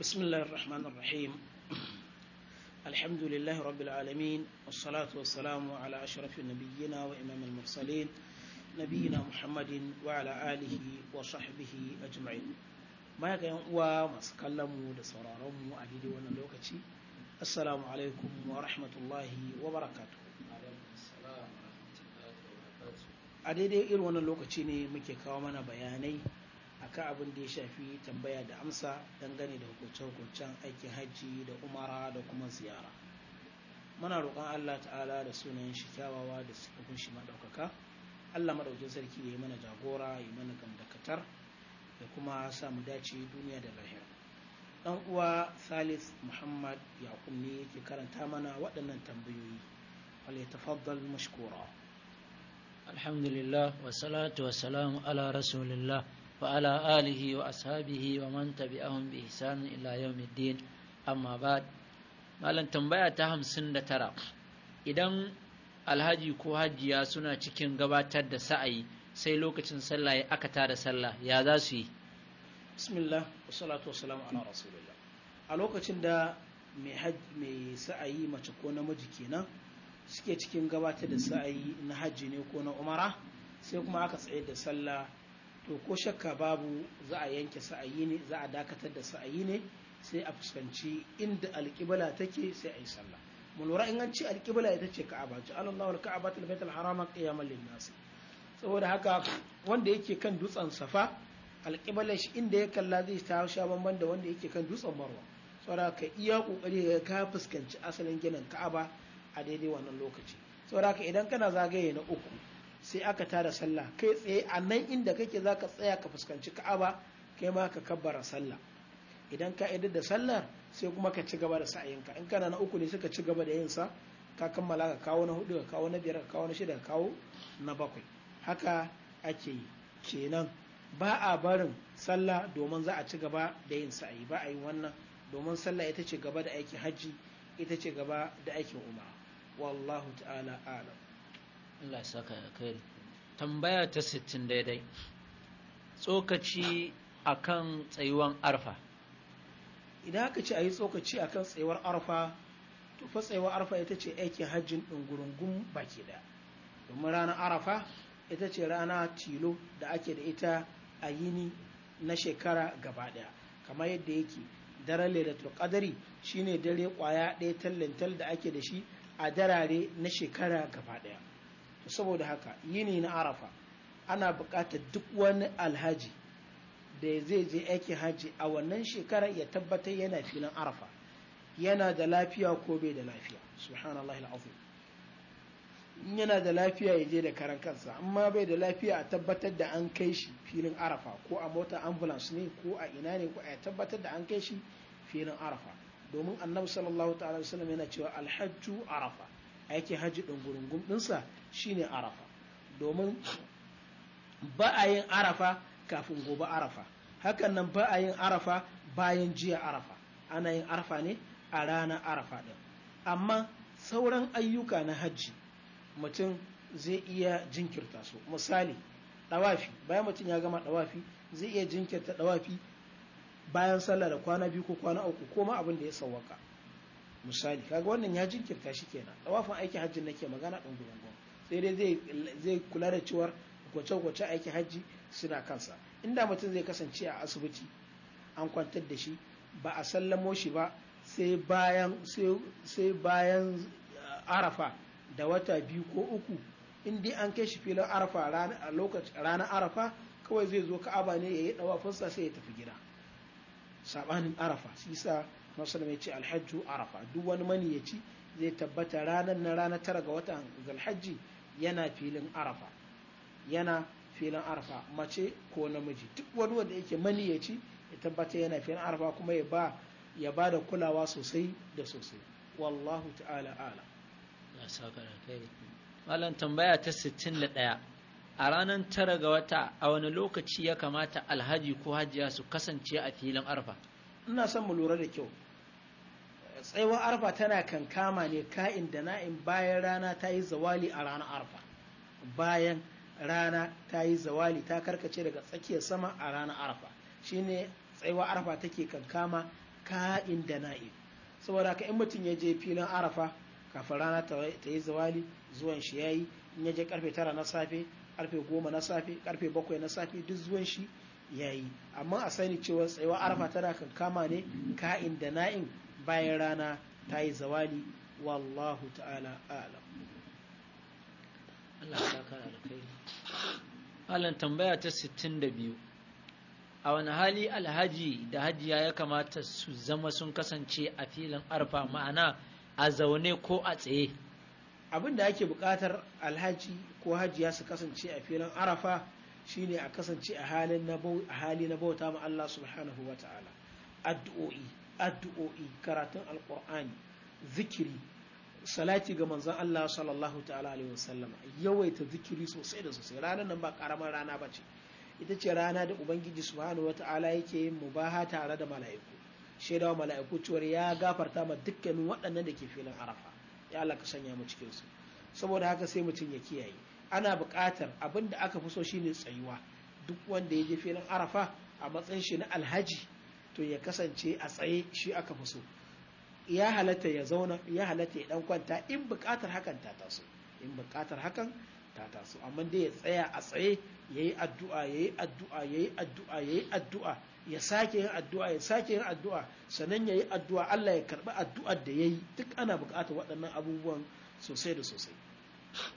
بسم الله الرحمن الرحيم الحمد لله رب العالمين والصلاة والسلام على أشرف النبيين وإمام المرسلين نبينا محمد وعلى آله وصحبه أجمعين ما يقين هو ما سكلموا لسرارهم وأديد ونلوكتي السلام عليكم ورحمة الله وبركاته a daidai irin wannan lokaci ne muke kawo mana bayanai akan abin da ya shafi tambaya da amsa dangane da hukunce-hukuncen aikin hajji da umara da kuma ziyara muna roƙon allah ta'ala da sunayen shi kyawawa da suka kunshi maɗaukaka allah maɗaukin sarki ya yi mana jagora ya yi mana gamdakatar ya kuma sa mu dace duniya da lahira ɗan uwa salis muhammad yakub ne yake karanta mana waɗannan tambayoyi wale tafaddal mashkura alhamdulillah wasalatu salam ala rasulillah وعلى آله وأصحابه ومن تبعهم بإحسان إلى يوم الدين أما بعد malam tambaya ta hamsin da tara idan alhaji ko hajiya suna cikin gabatar da sa'ayi sai lokacin sallah ya aka tada sallah ya za su yi bismillah wassalatu wassalamu ala rasulillah a lokacin da mai sa'ayi mace ko namiji kenan suke cikin gabatar da sa'ayi na hajji ne ko na umara sai kuma aka tsaye da sallah to ko shakka babu za a yanke sa'ayi ne za a dakatar da sa'ayi ne sai a fuskanci inda alƙibla take sai a yi sallah mu lura in an ce alƙibla ita ce ka'aba ji alallahu wal kaaba ta baitul harama qiyamal lin saboda haka wanda yake kan dutsen safa alƙibla shi inda ya kalla zai ta sha banban da wanda yake kan dutsen marwa saboda ka iya kokari ka fuskanci asalin ginin ka'aba a daidai wannan lokaci saboda haka idan kana zagaye na uku sai aka tara sallah kai tsaye a nan inda kake za ka tsaya ka fuskanci ka'aba kai ma ka kabbara sallah idan ka idar da sallar sai kuma ka ci gaba da sa'ayinka in kana na uku ne ka ci gaba da yin sa ka kammala ka kawo na hudu ka kawo na biyar ka kawo na shida ka kawo na bakwai haka ake yi kenan ba a barin sallah domin za a ci gaba da yin sa'ayi ba a yi wannan domin sallah ita ce gaba da aikin hajji ita ce gaba da aikin umara wallahu ta'ala alam Allah ya saka kai tambaya ta 60 daidai tsokaci akan tsayuwan arfa idan aka ce a yi tsokaci akan tsayuwar arfa to fa tsayuwar arfa ita ce aikin hajjin ɗungurungun baki da domin ranar arafa ita ce rana tilo da ake da ita a yini na shekara gaba ɗaya kamar yadda yake daren lailatul kadari shine dare kwaya ɗaya tallental da ake da shi a darare na shekara gaba ɗaya saboda haka yini na arafa ana buƙatar duk wani alhaji da zai je aikin haji a wannan shekarar ya tabbatar yana filin arafa yana da lafiya ko bai da lafiya subhanallah al'azim yana da lafiya ya je da karan kansa amma bai da lafiya a tabbatar da an kai shi filin arafa ko a mota ambulance ne ko a ina ne ko a tabbatar da an kai shi filin arafa domin annabi sallallahu ta'ala wasallam yana cewa alhajju arafa aikin hajji gurungun ɗinsa shine arafa domin ba yin arafa kafin gobe arafa hakan nan ba yin arafa bayan jiya arafa ana yin arafa ne a ranar arafa ɗin amma sauran ayyuka na hajji mutum zai iya jinkirta su misali ɗawafi bayan mutum ya gama ɗawafi zai iya jinkirta ɗawafi bayan sallah da kwana biyu ko kwana uku ko ma abin da ya sawwaka misali kaga wannan ya jinkirta shi kenan dawafin aikin hajji nake magana ɗan gudangon sai dai zai kula da cewar gwace kwace aikin hajji suna kansa inda mutum zai kasance a asibiti an kwantar da shi ba a sallamo shi ba sai bayan uh, arafa da wata biyu ko uku in an kai shi filin arafa ranar arafa kawai zai zo ka'aba ne ya yi dawafinsa sai ya tafi gida saɓanin arafa shi sa masalama ya ce alhajju arafa duk wani maniyaci zai tabbata ranar na ranar tara ga watan zalhajji yana filin arafa yana filin arafa mace ko namiji duk wani wanda yake maniyaci ya tabbata yana filin arafa kuma ya ba ya da kulawa sosai da sosai wallahu ta'ala ala malam tambaya ta 61 a ranar tara ga wata a wani lokaci ya kamata alhaji ko hajiya su kasance a filin arfa ina son mu lura da kyau Tsaiwa arfa tana kankama ne ka'in da na'in bayan rana ta yi zawali a ranar arfa bayan rana ta yi zawali ta karkace daga tsakiyar sama a ranar arfa shine tsaiwa arfa take kankama ka'in da na'in saboda haka in mutum ya je filin arfa, kafin rana ta yi zawali zuwan shi ya yi. in ya je karfe tara na safe karfe goma na safe karfe bakwai na safe duk zuwan shi ya yi. amma a sani cewa tsaiwa arfa tana kankama ne ka'in da na'in bayan rana ta yi zawali wallahu ta'ala alam Allah Alan tambaya ta 62 a wani hali alhaji da hajiya ya kamata su zama sun kasance a filin arfa ma'ana a zaune ko a tsaye abin da ake buƙatar alhaji ko hajiya su kasance a filin arafa shine a kasance a hali na bauta ma Allah subhanahu wa ta'ala addu'o'i addu'o'i karatun alƙur'ani zikiri salati ga manzon Allah sallallahu ta'ala alaihi wasallam yawaita zikiri sosai da sosai ranar nan ba karamar rana ba ce ita ce rana da ubangiji subhanahu wata'ala yake yin mubaha tare da mala'iku shaidawa mala'iku cewar ya gafarta ma dukkanin waɗannan da ke filin arafa ya Allah ka sanya mu cikin su saboda haka sai mutum ya kiyaye ana buƙatar abin da aka fi so shine tsayuwa duk wanda ya je filin arafa a matsayin shi na alhaji to ya kasance a tsaye shi aka fi so ya halatta ya zauna ya halatta ya dan kwanta in buƙatar hakan ta taso in buƙatar hakan ta taso amma dai ya tsaya a tsaye yayi addu'a yayi addu'a yayi addu'a yayi addu'a ya sake yin addu'a ya sake yin addu'a sannan yayi addu'a Allah ya karbi addu'ar da yayi duk ana buƙatar waɗannan abubuwan sosai da sosai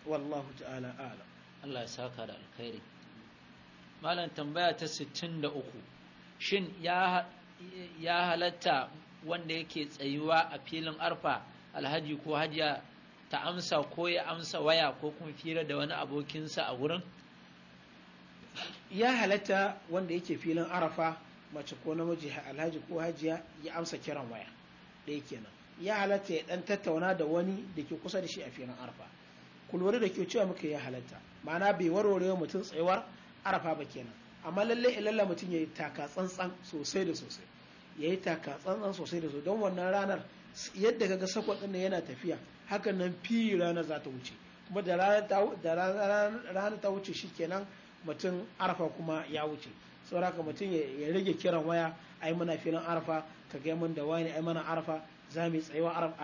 wallahu ta'ala a'lam Allah ya saka da alkhairi malam tambaya ta 63 shin ya ya halatta wanda yake tsayuwa a filin arfa alhaji ko hajiya ta amsa ko ya amsa waya ko kuma fira da wani abokinsa a wurin ya halatta wanda yake filin arafa mace ko namiji alhaji ko hajiya ya amsa kiran waya ɗaya kenan ya halatta ya ɗan tattauna da wani da ke kusa da shi a filin arfa. kulwari da ke cewa muka ya halatta ma'ana bai warware mutum tsayuwar arafa ba kenan amma lalle ilalla mutum ya yi taka tsantsan sosai da sosai ya taka tsantsan sosai da sosai don wannan ranar yadda kaga sako ɗin yana tafiya hakan nan fi ranar za ta wuce kuma da ranar ta wuce shikenan mutum arfa kuma ya wuce sauraka mutum ya rage kiran waya ai muna filin arfa ka ga mun da wani ai mana arfa za mu yi tsayuwa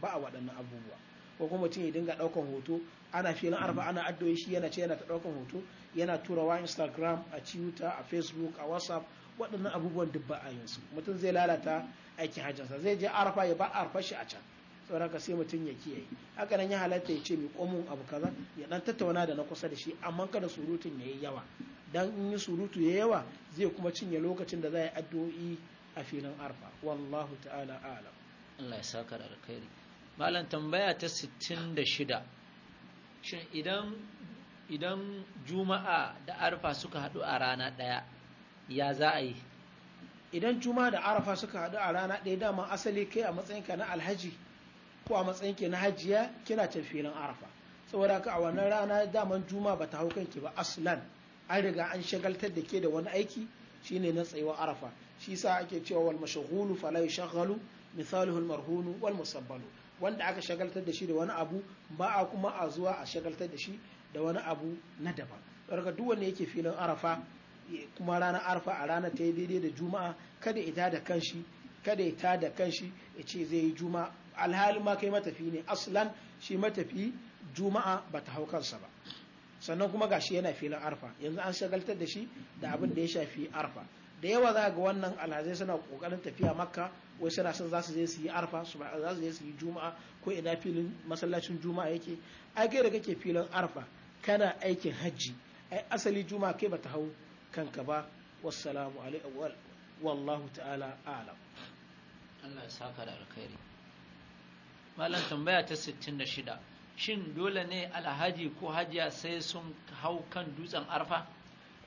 ba a waɗannan abubuwa ko kuma mutum ya dinga ɗaukan hoto ana filin arfa ana addoyi shi yana ce yana ta ɗaukan hoto yana turawa instagram a twitter a facebook a whatsapp waɗannan abubuwan dubba a yanzu mutum zai lalata aikin hajjinsa zai je arfa ya ba arfa shi a can saboda ka sai mutum ya kiyaye haka nan ya halatta ya ce mai komun abu kaza ya dan tattauna da na kusa da shi amma kada surutun ya yi yawa dan in yi surutu ya yawa zai kuma cinye lokacin da za a yi addu'o'i a filin arfa wallahu ta'ala alam Allah ya saka da alkhairi malam tambaya ta 66 shin idan idan juma'a da arfa suka haɗu a rana ɗaya ya za a yi idan juma'a da arfa suka haɗu a rana ɗaya dama asali kai a matsayinka na alhaji ko a matsayinki na hajiya kina can filin arafa saboda ka, a wannan rana daman juma'a ba ta hau kanki ba aslan an riga an shagaltar da ke da wani aiki shine na tsayuwar arafa shi sa ake cewa wal mashghulu fala yashghalu misaluhu al marhunu wal musabbalu wanda aka shagaltar da shi da wani abu ba a kuma a zuwa a shagaltar da shi da wani abu na daban daga duk wanda yake filin arafa kuma ranar arafa a ranar ta yi daidai da juma'a kada ita da kanshi kada ita da kanshi ya ce zai yi juma'a alhali ma kai matafi ne aslan shi matafi juma'a ba ta hau kansa ba sannan kuma gashi yana filin arfa yanzu an shagaltar da shi da abin da ya shafi arfa da yawa za ga wannan alhazai suna kokarin tafiya makka wai suna son za su je su yi arfa za su je su yi juma'a ko ina filin masallacin juma'a yake ai kai da kake filin arfa kana aikin hajji ai asali juma'a kai bata hau kanka ba wassalamu alaikum wallahu ta'ala a'lam Allah ya saka da alkhairi malam tambaya ta 66 shin dole ne alhaji ko hajiya sai sun hau kan dutsen arfa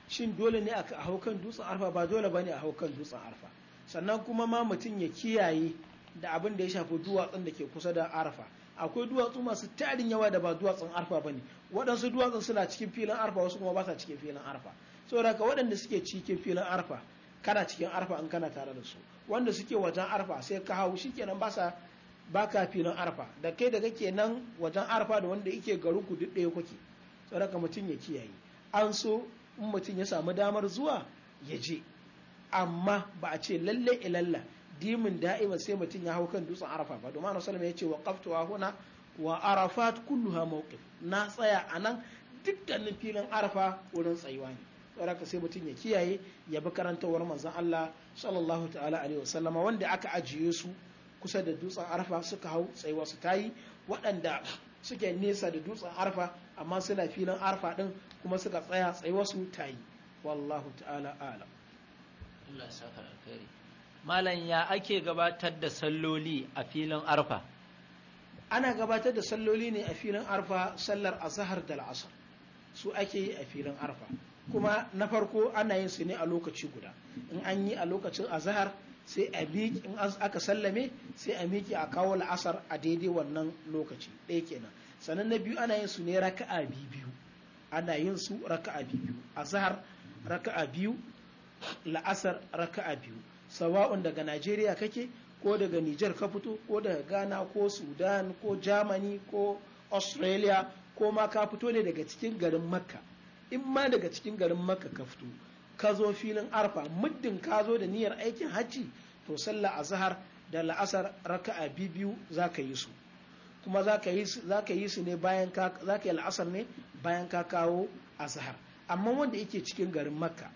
shin dole ne a hau kan dutsen arfa ba dole ba ne a hau kan dutsen arfa sannan kuma ma mutum ya kiyaye da abin da ya shafi duwatsun da ke kusa da arfa akwai duwatsu masu tarin yawa da ba duwatsun arfa ba ne waɗansu duwatsun suna cikin filin arfa wasu kuma ba sa cikin filin arfa saboda ka waɗanda suke cikin filin arfa kana cikin arfa in kana tare da su wanda suke wajen arfa sai ka hau kenan ba sa baka filin arfa da kai da kake nan wajen arfa da wanda yake garin ku duk ɗaya kuke saboda ka mutum ya kiyaye an so in mutum ya samu damar zuwa ya je amma ba a ce lalle ilalla dimin da'ima sai mutum ya hau kan dutsen arafa ba domin salama ya ce wa qaftu wa huna wa arafat ha mawqif na tsaya a nan dukkanin filin arafa wurin tsayuwa ne saboda sai mutum ya kiyaye ya bi karantawar manzon Allah sallallahu ta'ala alaihi wasallama wanda aka ajiye su kusa da dutsen arafa suka hau tsayuwa su tayi waɗanda suke nesa da dutsen arafa amma suna filin arfa din kuma suka tsaya tsayuwarsu wasu tayi. wallahu ta'ala alam malam ya ake gabatar da salloli a filin arfa ana gabatar da salloli ne a filin arfa sallar azhar da al'asr su ake yi a filin arfa kuma na farko ana yin su ne a lokaci guda in an yi a lokacin azhar sai a in aka sallame sai a miƙi a kawo la'asar a daidai wannan lokaci ɗaya kenan sannan na biyu ana yin su ne raka'a biyu ana yin su raka'a biyu azhar raka'a biyu la'asar raka'a biyu sawa'un daga Najeriya kake ko daga Nijar ka fito ko daga Ghana ko Sudan ko Germany ko Australia ko ma ka fito ne daga cikin garin Makka in ma daga cikin garin Makka ka fito ka zo filin Arfa muddin ka zo da niyyar aikin hajji to sallah azhar da la'asar raka'a biyu za ka yi su kuma za ka yi su ne bayan ka za ka yi al'asar ne bayan ka kawo azhar amma wanda yake cikin garin makka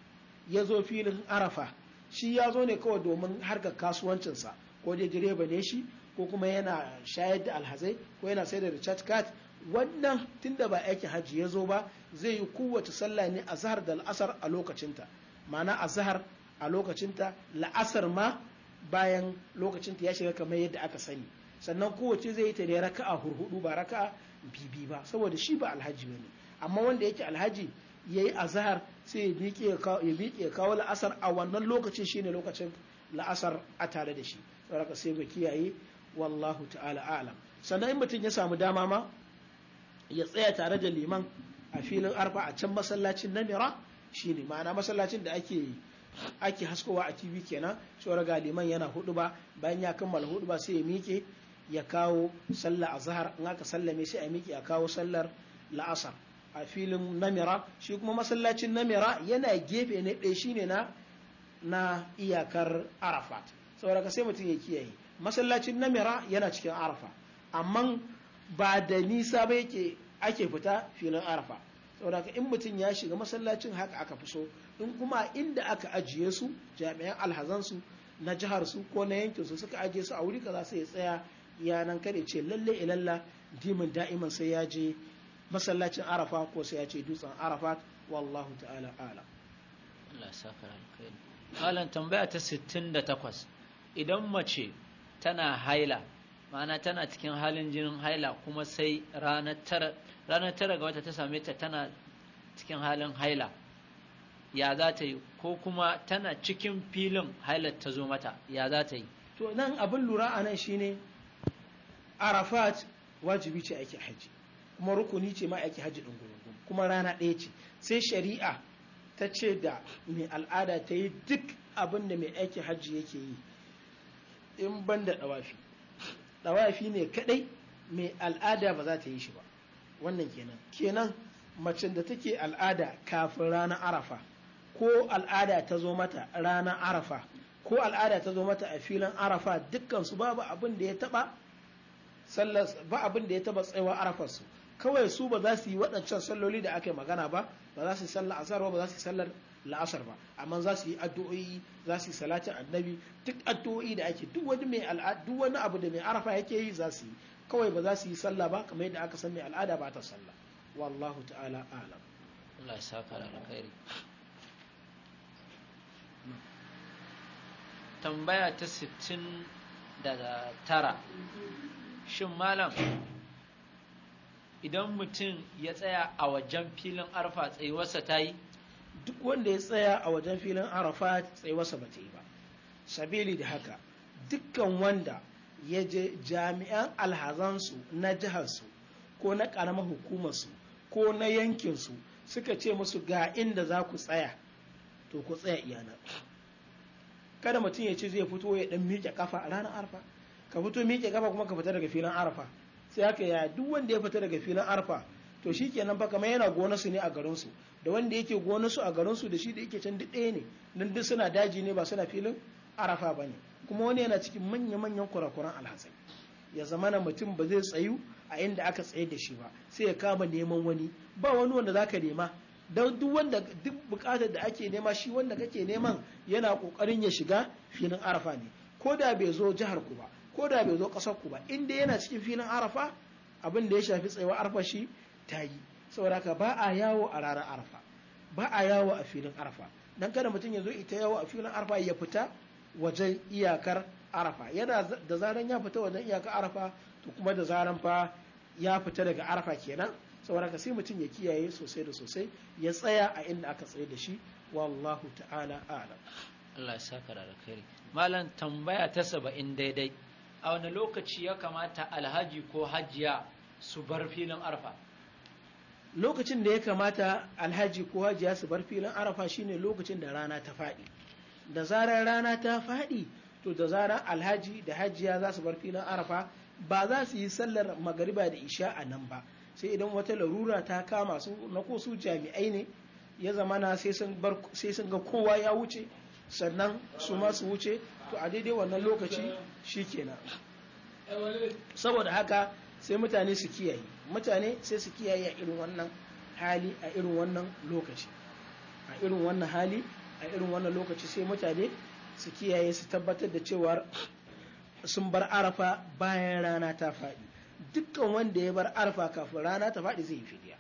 ya zo filin arafa shi ya zo ne kawai domin harkar kasuwancinsa ko dai direba ne shi ko kuma yana shayar da alhazai ko yana sayar da recharge card wannan tunda ba aikin hajji ya zo ba zai yi kowace sallah ne a zahar da al'asar a lokacinta ma'ana a zahar a lokacinta la'asar ma bayan lokacinta ya shiga kamar yadda aka sani sannan kowace zai yi ta ne raka'a hurhudu ba raka'a bibi ba saboda shi ba alhaji ba ne. amma wanda yake alhaji ya yayi azhar sai ya miƙe ya kawo la'asar a wannan lokacin shine lokacin la'asar a tare da shi saboda sai ba kiyaye wallahu ta'ala a'lam sannan in mutum ya samu dama ma ya tsaya tare da liman a filin arfa a can masallacin namira shine ma'ana masallacin da ake ake haskowa a tv kenan saboda ga liman yana hudu ba bayan ya kammala hudu ba sai ya miƙe ya kawo sallah a zahar in aka sallame sai a miki a kawo sallar la'asar a filin namira shi kuma masallacin namira yana gefe ne ɗaya shine na na iyakar arafat saboda ka sai mutum ya kiyaye masallacin namira yana cikin arafa amma ba da nisa ba yake ake fita filin arafa saboda ka in mutum ya shiga masallacin haka aka fi so in kuma inda aka ajiye su jami'an alhazansu na jihar su ko na yankinsu suka ajiye su a wuri kaza sai ya tsaya yanan nan kare ce lalle ilalla dimin da'iman sai ya je masallacin arafa ko sai ya ce dutsen arafa wallahu ta'ala ala Allah saka alkhairi malam tambaya ta 68 idan mace tana haila ma'ana tana cikin halin jinin haila kuma sai ranar tara ga wata ta same ta tana cikin halin haila ya za ta yi ko kuma tana cikin filin hailar ta zo mata ya za ta yi to nan abin lura a nan shine arafat wajibi ce aiki haji kuma rukuni ce ma aiki haji ɗin gurgun kuma rana ɗaya ce sai shari'a ta ce da mai al'ada ta yi duk abin da mai aiki haji yake yi in ban da ɗawafi ɗawafi ne kaɗai mai al'ada ba za ta yi shi ba wannan kenan kenan macen da take al'ada kafin ranar arafa ko al'ada ta zo mata ranar arafa ko al'ada ta zo mata a filin arafa dukkan su babu abin da ya taɓa ba abin da ya taba tsayawa arafar su kawai su ba za su yi waɗancan salloli da aka yi magana ba ba za su yi sallar asar ba ba za su yi sallar la'asar ba amma za su yi addu'o'i za su yi salatin annabi duk addu'o'i da ake duk wani mai duk wani abu da mai arafa yake yi za su yi kawai ba za su yi sallah ba kamar yadda aka san mai al'ada ba ta sallah wallahu ta'ala alam Allah ya saka da alkhairi tambaya ta 69 shin malam idan mutum ya tsaya a wajen filin arfa tsayuwarsa ta yi duk wanda ya tsaya a wajen filin arfa tsayuwarsa ba ta yi ba sabili da haka dukkan wanda ya je jami'an alhazansu na jiharsu ko na ƙaramar hukumarsu ko na yankinsu suka ce musu ga inda za ku tsaya to ku tsaya iyana kada mutum ya ce zai fito ya ɗan miƙe kafa a ranar arfa ka fito miƙe kafa kuma ka fita daga filin arfa sai haka ya duk wanda ya fita daga filin arfa to shi kenan fa kamar yana gonarsu ne a garinsu da wanda yake gonarsu a garinsu da shi da yake can duk ɗaya ne don duk suna daji ne ba suna filin arafa ba ne kuma wani yana cikin manya-manyan kurakuran alhazai ya zama na mutum ba zai tsayu a inda aka tsaye da shi ba sai ya kama neman wani ba wani wanda zaka nema don duk wanda duk bukatar da ake nema shi wanda kake neman yana kokarin ya shiga filin arafa ne ko da bai zo jihar ku ba ko da bai zo ƙasar ku ba in dai yana cikin filin arafa abin da ya shafi tsayuwa arfa shi ta yi saboda ka ba a yawo a ranar arafa ba a yawo a filin arafa dan kada mutum ya zo ita yawo a filin arafa ya fita wajen iyakar arafa yana da zaran ya fita wajen iyakar arafa to kuma da zaran fa ya fita daga arafa kenan saboda ka sai mutum ya kiyaye sosai da sosai ya tsaya a inda aka tsaye da shi wallahu ta'ala a'lam Allah ya saka da alkhairi malam tambaya ta saba'in daidai a wani lokaci ya kamata alhaji ko hajiya su bar filin arfa lokacin da ya kamata alhaji ko hajiya su bar filin arfa shine lokacin da rana ta faɗi da zarar rana ta faɗi to da zarar alhaji da hajiya za su bar filin arfa ba za su yi sallar magariba da isha a nan ba sai idan wata larura ta kama su na ko su jami'ai ne ya zamana sai sun ga kowa ya wuce sannan su ma su wuce to a daidai wannan lokaci shi kenan saboda haka sai mutane su kiyaye mutane sai su kiyaye a irin wannan hali a irin wannan lokaci a irin wannan hali a irin wannan lokaci sai mutane su kiyaye su tabbatar da cewar sun bar arafa bayan rana ta faɗi dukkan wanda ya bar arafa kafin rana ta faɗi zai yi fidiya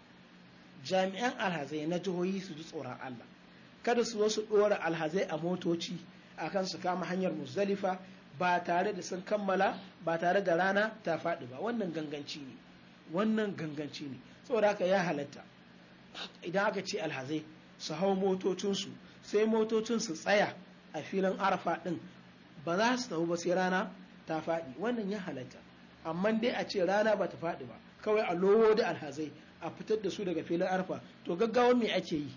jami'an alhazai na jihohi su ji tsoron allah kada su zo su ɗora alhazai a motoci akan su kama hanyar muzdalifa ba tare da sun kammala ba tare da rana ta faɗi ba wannan ganganci ne wannan ganganci ne saboda haka ya halatta idan aka ce alhazai su hau motocinsu sai motocin su tsaya a filin arafa ɗin ba za su tafi ba sai rana ta faɗi wannan ya halatta amma dai a ce rana ba ta faɗi ba kawai a lowo da alhazai a fitar da su daga filin arafa to gaggawa me ake yi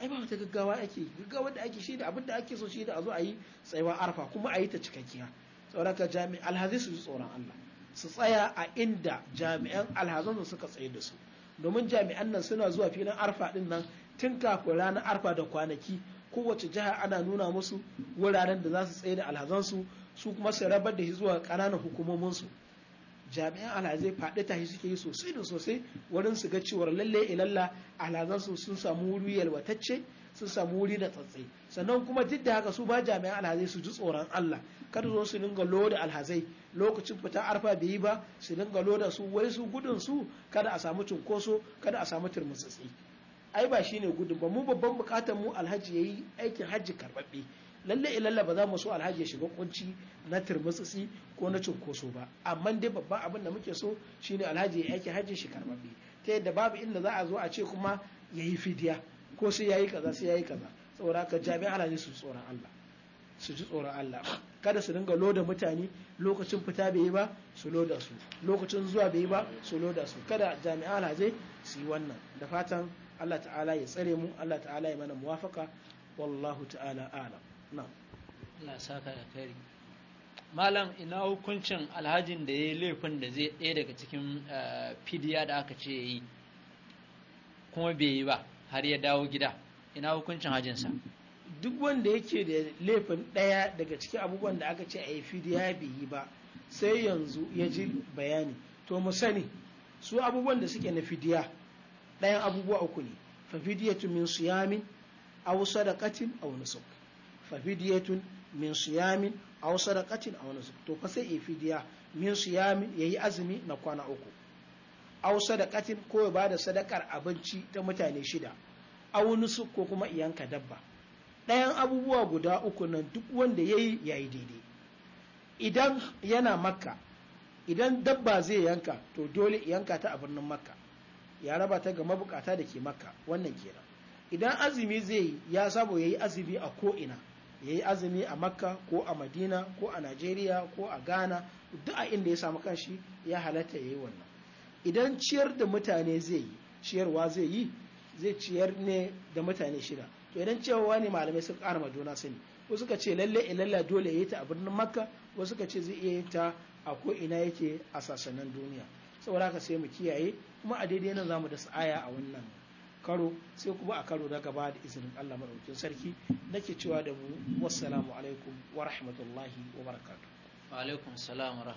ai ba wata gaggawa ake gaggawa da ake shi da abin da ake so shi da a zo a yi tsayuwa arfa kuma a yi ta cikakkiya tsoraka jami'an alhazi su ji tsoron Allah su tsaya a inda jami'an alhazan su suka tsaye da su domin jami'an nan suna zuwa filin arfa din nan tun kafin ranar arfa da kwanaki kowace jiha ana nuna musu wuraren da za su tsaye da alhazan su su kuma su rabar da shi zuwa ƙananan su jami'an alhazai faɗi tashi suke yi sosai da sosai wurin su ga cewar lalle ilalla alhazan su sun samu wuri yalwatacce sun samu wuri da tsatsai sannan kuma duk da haka su ba jami'an alhazai su ji tsoron Allah kada zo su dinga loda alhazai lokacin fita arfa bai yi ba su dinga loda su wai su gudun su kada a samu cunkoso kada a samu turmutsatsi ai ba shine gudun ba mu babban bukatar mu alhaji yayi aikin hajji karbabbe lalle ilalla ba za mu so alhaji ya shiga kunci na turmutsitsi ko na cunkoso ba amma dai babban abin da muke so shine alhaji ya yake hajji shi karbabe ta yadda babu inda za a zo a ce kuma ya yi fidiya ko sai ya yi kaza sai ya yi kaza saboda haka jami'an alhaji su tsoron Allah su ji tsoron Allah kada su dinga loda mutane lokacin fita bai yi ba su loda su lokacin zuwa bai yi ba su loda su kada jami'an alhaji su yi wannan da fatan Allah ta'ala ya tsare mu Allah ta'ala ya mana muwafaka wallahu ta'ala alam Allah saka da kari malam ina hukuncin alhajin da ya yi laifin da zai ɗaya daga cikin eh, fidiya da aka ce ya yi kuma bai yi ba har ya dawo gida ina hukuncin hajinsa duk wanda yake da laifin ɗaya daga cikin abubuwan da aka ce a yi fidiya bai yi ba sai yanzu ya ji bayani to mu sani su abubuwan da suke na fidiya ɗayan abubuwa uku ne fa fidiyatu min siyamin aw sadaqatin aw nusuk fa min siyamin aw sadaqatin aw nusuk to fa sai fidiya min siyamin yayi azumi na kwana uku aw sadaqatin ko ya bada sadakar abinci ta mutane shida aw nusuk ko kuma iyanka dabba ɗayan abubuwa guda uku nan duk wanda yayi yayi daidai idan yana makka idan dabba zai yanka to dole yanka ta a birnin makka ya raba ta ga mabukata da ke makka wannan kenan idan azumi zai yi ya sabo ya azumi a ko'ina ya yi azumi a makka ko a madina ko a najeriya ko a ghana duk a inda ya samu kanshi ya halatta ya yi wannan idan ciyar da mutane zai yi ciyarwa zai yi zai ciyar ne da mutane shida to idan cewa ne malamai suka kara maduna juna sani wasu suka ce lalle ilalla dole ya yi ta a birnin makka wasu suka ce zai iya yin ta a ko ina yake a sassanin duniya saboda haka sai mu kiyaye kuma a daidai nan za mu da aya a wannan karo sai kuma a karo na gaba da izinin Allah maɗaukin sarki nake cewa da mu wassalamu alaikum wa rahmatullahi wa barakatuh wa alaikum salam